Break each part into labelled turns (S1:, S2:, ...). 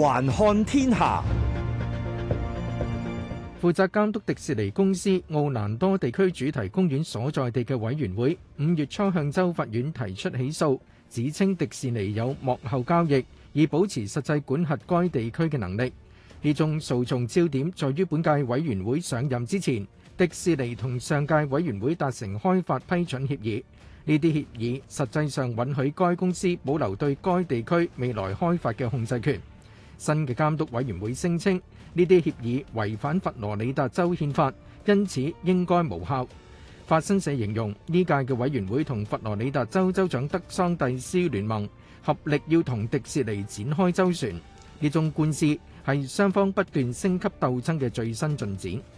S1: 環看天下，負責監督迪士尼公司奧蘭多地區主題公園所在地嘅委員會，五月初向州法院提出起訴，指稱迪士尼有幕後交易，以保持實際管轄該地區嘅能力。呢宗訴訟焦點在於本屆委員會上任之前，迪士尼同上屆委員會達成開發批准協議。呢啲協議實際上允許該公司保留對該地區未來開發嘅控制權。新嘅監督委員會聲稱，呢啲協議違反佛羅里達州憲法，因此應該無效。法新社形容，呢屆嘅委員會同佛羅里達州州長德桑蒂斯聯盟合力要同迪士尼展開周旋，呢種官司係雙方不斷升級鬥爭嘅最新進展。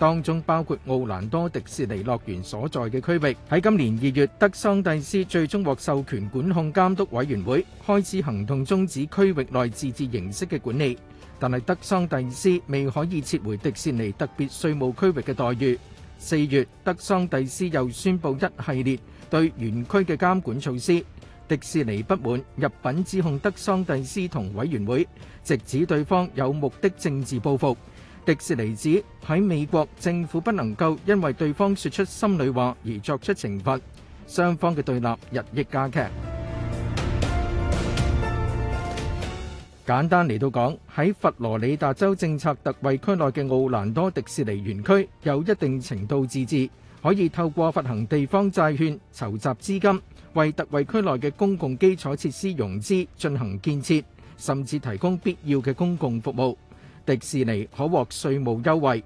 S1: 當中包括奧蘭多迪士尼樂園所在嘅區域。喺今年二月，德桑蒂斯最終獲授權管控監督委員會開始行動，終止區域內自治形式嘅管理。但係德桑蒂斯未可以撤回迪士尼特別稅務區域嘅待遇。四月，德桑蒂斯又宣布一系列對園區嘅監管措施。迪士尼不滿，入稟指控德桑蒂斯同委員會，直指對方有目的政治報復。迪士尼指喺美國政府不能夠因為對方說出心裏話而作出懲罰，雙方嘅對立日益加劇。簡單嚟到講，喺佛羅里達州政策特惠區內嘅奧蘭多迪士尼園區有一定程度自治，可以透過發行地方債券籌集資金，為特惠區內嘅公共基礎設施融資進行建設，甚至提供必要嘅公共服務。迪士尼可獲稅務優惠，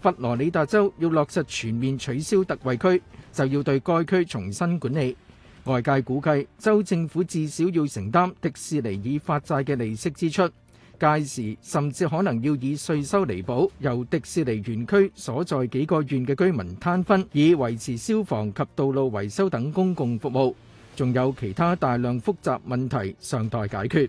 S1: 佛羅里達州要落實全面取消特惠區，就要對該區重新管理。外界估計，州政府至少要承擔迪士尼以發債嘅利息支出，屆時甚至可能要以稅收彌補，由迪士尼園區所在幾個縣嘅居民攤分，以維持消防及道路維修等公共服務。仲有其他大量複雜問題尚待解決。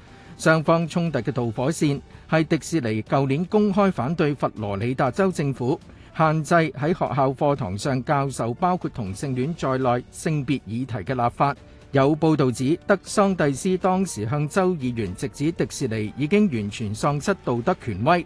S1: 雙方衝突嘅導火線係迪士尼舊年公開反對佛羅里達州政府限制喺學校課堂上教授包括同性戀在內性別議題嘅立法。有報導指德桑蒂斯當時向州議員直指迪士尼已經完全喪失道德權威。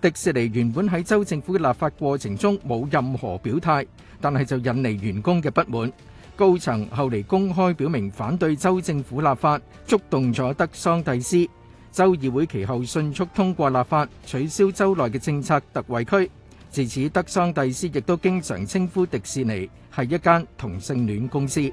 S1: 迪士尼原本喺州政府嘅立法過程中冇任何表態，但係就引嚟員工嘅不滿。高層後嚟公開表明反對州政府立法，觸動咗德桑蒂斯。州議會其後迅速通過立法，取消州內嘅政策特惠區。自此，德桑蒂斯亦都經常稱呼迪士尼係一間同性戀公司。